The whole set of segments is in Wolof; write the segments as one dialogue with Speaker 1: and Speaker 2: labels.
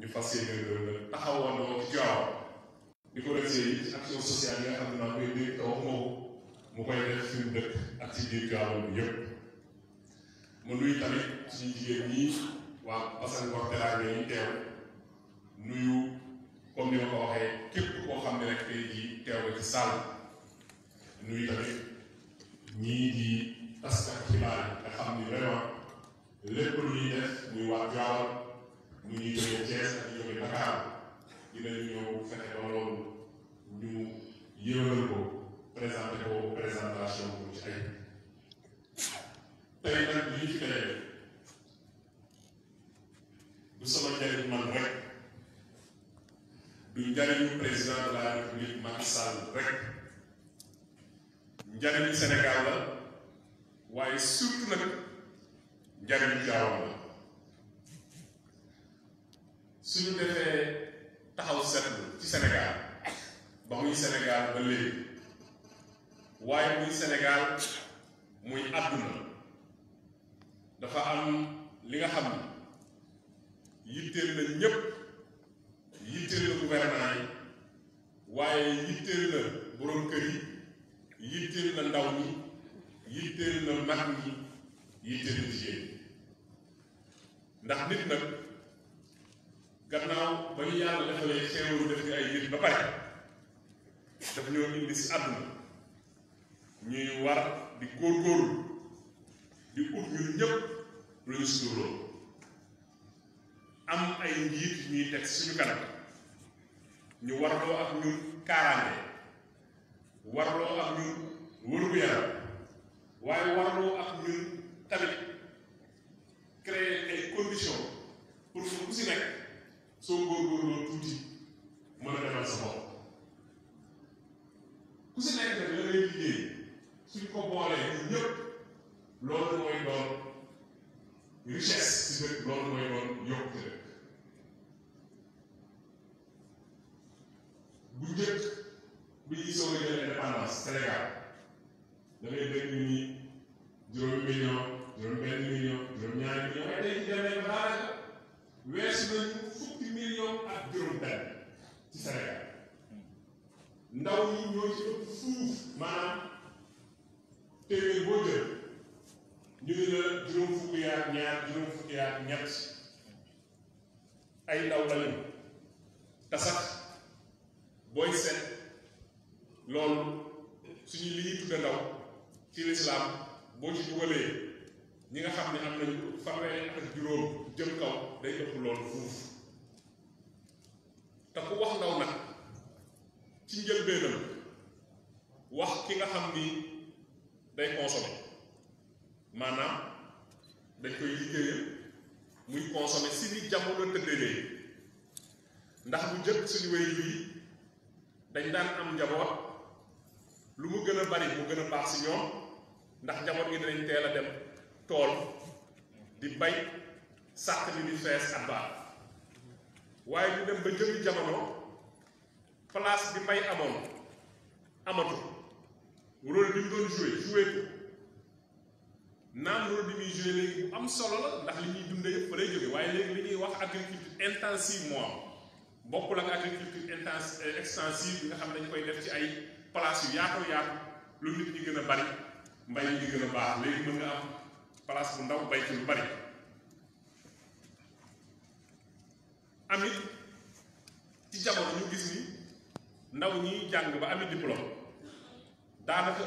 Speaker 1: ñu fas yéene taxawandoo ci Tiwaawan di ko defee ci action sociale yi nga xam ne naa koy dégg te waxuma ko def fi mu dëkk ak ci biir Tiwaawan bi yëpp mu nuyu tamit suñu jigéen ñi waa Basan wax teraanga yi teew nuyu comme ni waxee képp koo xam ne rek tey jii teew nga ci sàll nuyu tamit ñii di taskat xam ni vraiment lépp lu ñuy def muy waa Tiwaawan ñu ñuy jógee Thiès ak ñu jógee Dakar dinañu ñëw fexe ba loolu ñu yëwalal ko présenté ko présentation bu ci ay tey nag li ñu fi dajale du sama njariñ man rek du njariñu la république Macky Sall rek la waaye surtout nag njariñu la suñu defee taxaw seetlu ci Sénégal ba muy Sénégal ba léegi waaye muy Sénégal muy àdduna dafa am li nga xam ne yitteel na ñépp yitteel na gouvernement yi waaye yitteel na borom kër yi yitteel na ndaw ñi yitteel na mag ñi yitteel na jigéen ndax nit nag gannaaw ba ñu yàlla defalee xéewalu def ñu ay nit ba pare daf ñoo indi si ñuy war di góorgóorlu di ut ñun ñëpp lu ñu suuroo am ay njiit ñuy teg suñu kanam ñu warloo ak ñun kaaraange warloo ak ñun wër yaram waaye warloo ak ñun tamit créer ay conditions. soo góorgóorloo tuuti mën a defal sa bopp ku si nekk nag la ngay liggéey suñ ko boolee ñun ñëpp loolu mooy doon richesse si dëkk loolu mooy doon yokkute dëkk bu njëkk bi ñu soog a jël indépendance Sénégal da ngay dégg ni juróomi million juróom benn million juróom ñaari million waaye dañuy demee ba daanaka weesu nañu million ak juróom benn ci Sénégal ndaw yi ñoo ci fuuf maanaam téeméer boo jël ñu ngi la juróom fukki yaak ñaar juróom fukki yaak ñett ay ndaw lañu te sax booy seet loolu suñu li ñuy ndaw ci lislaam boo ci dugalee ñi nga xam ne am nañu fanweeri ak juróom jëm kaw day ëpp loolu fuuf te wax ndaw nag ci njëlbeenam wax ki nga xam ni day consommer maanaam dañ koy liggéeyal muy consommer si ni jamono tëddee ndax bu jëkk suñu wéy yi dañ daan am njaboot lu mu gën a bari mu gën a baax si ñoom ndax jamono gi dinañ teel a dem tool di bay sàq bi di fees at baax waaye ñu dem ba jëmi jamono place bi mbay amoon amatu rôle bi mu doon joué joué ko naam bi muy joué léegi bu am solo la ndax li ñuy dundee yëpp fa lay jóge waaye léegi li ñuy wax agriculture intensive moo am bokkul ak agriculture intense euh, bi nga xam ne dañ koy def ci ay place yu yaatu yaatu lu nit ñi gën a bari mbay ñi di gën a baax léegi mën nga am place bu ndaw bay ci lu bari ndaw ñiy jàng ba ami diplôme daanaka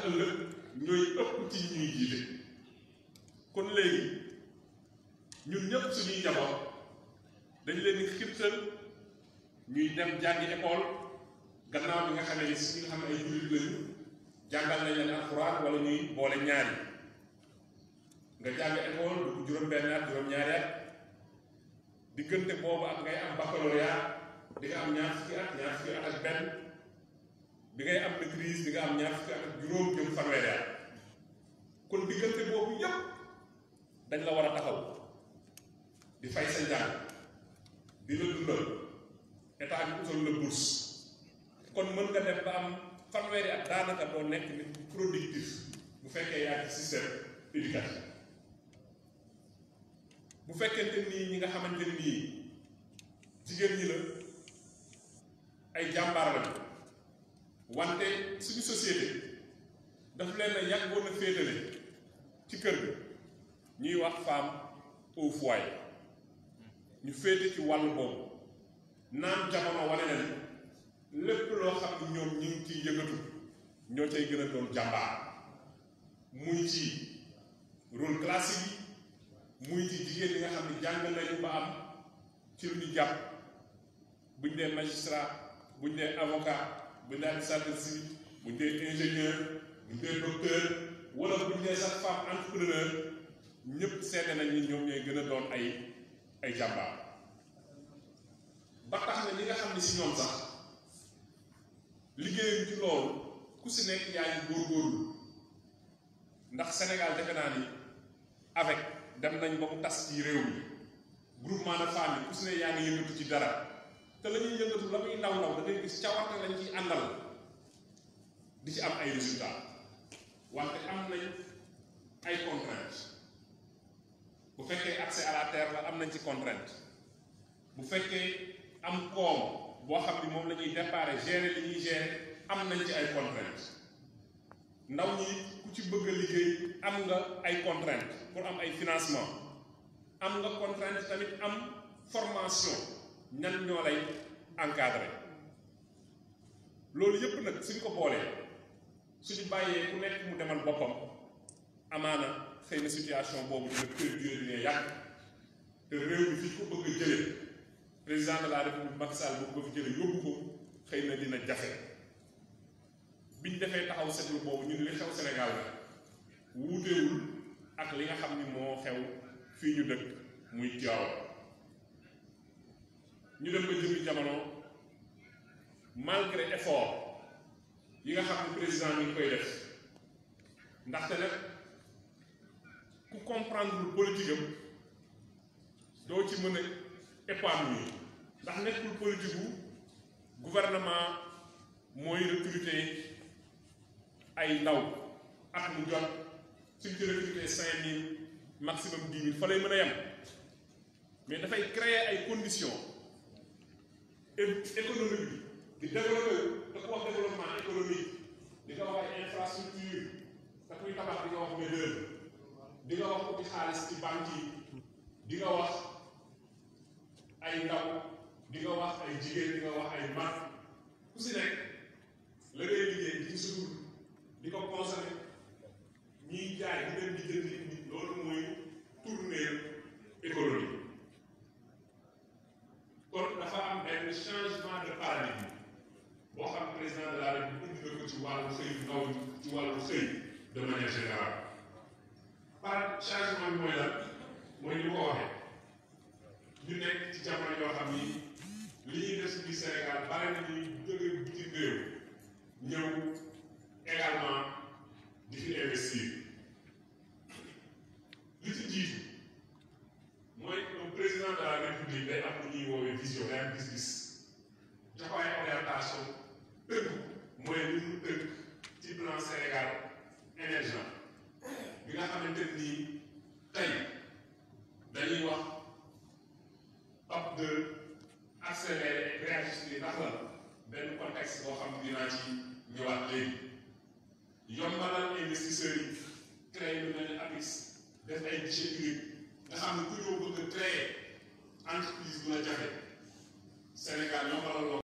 Speaker 1: kon léegi ñun ñëpp suñuy njaboot dañ leen di xirtal ñuy dem jàngi école gannaaw bi nga xamee ni si nga xam ne ay jullit lañu jàngal nañ leen alxuraan wala ñuy boole ñaari nga jàng école dugg juróom-benn juróom-ñaari at diggante boobu ak ngay am baccalauréat di nga am ñaar fukki at ñaar fukki at ak benn bi ngay am maîtrise bi nga am ñaar fukki ak juróom jëm fanweeri at kon diggante boobu yépp dañ la war a taxaw di fay sa njàng di la la bourse kon mën nga dem am fanweeri at daanaka doo nekk nit productif bu fekkee yaa ngi système éducation bu fekkente nii ñi nga xamante nii jigéen ñi la ay jàmbaar lañu wante suñu société daf leen a yàggoon a féetale ci kër gi ñuy wax femme au foyer ñu féete ci wàllu boobu naan jamono wane leen lépp loo xam ne ñoom ñu ngi ciy yëngatu ñoo cay gën a doon jàmbaar muy ci rôle classique yi muy ci jigéen ñi nga xam ne jàng nañu ba am ci lu ñu jàpp buñ dee magistrat buñ dee avocat bu ñu daan si bu ñu dee ingénieur bu docteur wala bu ñu dee sax femme entrepreneur ñëpp seede nañ ni ñoom ñooy gën a doon ay ay jàmbaar ba tax na ñi nga xam ne si ñoom sax liggéeyuñ ci loolu ku si nekk yaa ngi góorgóorlu ndax Sénégal defe naa ni avec dem nañ ba ko tas ci réew mi groupement de femmes yi ku si ne yaa ngi yëngatu ci dara. te la ñuy yëngatu la muy ndaw ndaw da ngay gis cawarte lañ ciy àndal di ci am ay résultat wante am nañ ay contrainte bu fekkee accès à la terre la am nañ ci contrainte bu fekkee am koom boo xam ni moom la ñuy déparé gérer li ñuy gérer am nañ ci ay contrainte ndaw ñi ku ci bëgg a liggéey am nga ay contrainte pour am ay financement am nga contrainte tamit am formation ñan ñoo lay encadré loolu yëpp nag suñ ko boolee suñu bàyyee ku nekk mu demal boppam amaana xëy na situation boobu dina perdurer dina yàgg te réew mi fi ko bëgg jële président de la république Macky Sall bu ko fi jële yóbbu ko xëy na dina jafe biñ defee taxaw seetlu boobu ñu ne li xew Sénégal la wuuteewul ak li nga xam ni moo xew fii ñu dëkk muy Tiwaawan ñu dem ba jëmi jamono malgré yi nga xam ne président mi ngi koy def ndaxte nag ku comprendre lu politique doo ci mën a épanouir ndax nekkul politique bu gouvernement mooy recruter ay ndaw ak mu jot suñ ci recruter cinq mille maximum dix mille fa lay mën a yem mais dafay créer ay conditions économique bi di développé dafa wax développement économique di nga wax ay infrastructure te kuy tabax di nga wax médeur di nga wax ubbi xaalis ay ndaw di ay jigéen di nga ay mag ku si nekk la ngay liggéey di ci sutur di ko consommé ñiy jaay di di jënd jamono yoo xam ni li ñuy def ci Sénégal bare na ñuy jóge bitim réew ñëw également di fi investir li ci jiitu mooy un président de la république day am lu ñuy woowee vision day am gis-gis jox ay defee réagiste bi ndax lan benn contexte boo xam dinaa ci ñëwaat léegi yombalal investisseurs yi créé lu mel ne APIX def ay guichet unique nga xam ne ku ñëw bëgg a créer entreprise bu la jafe Sénégal yombalal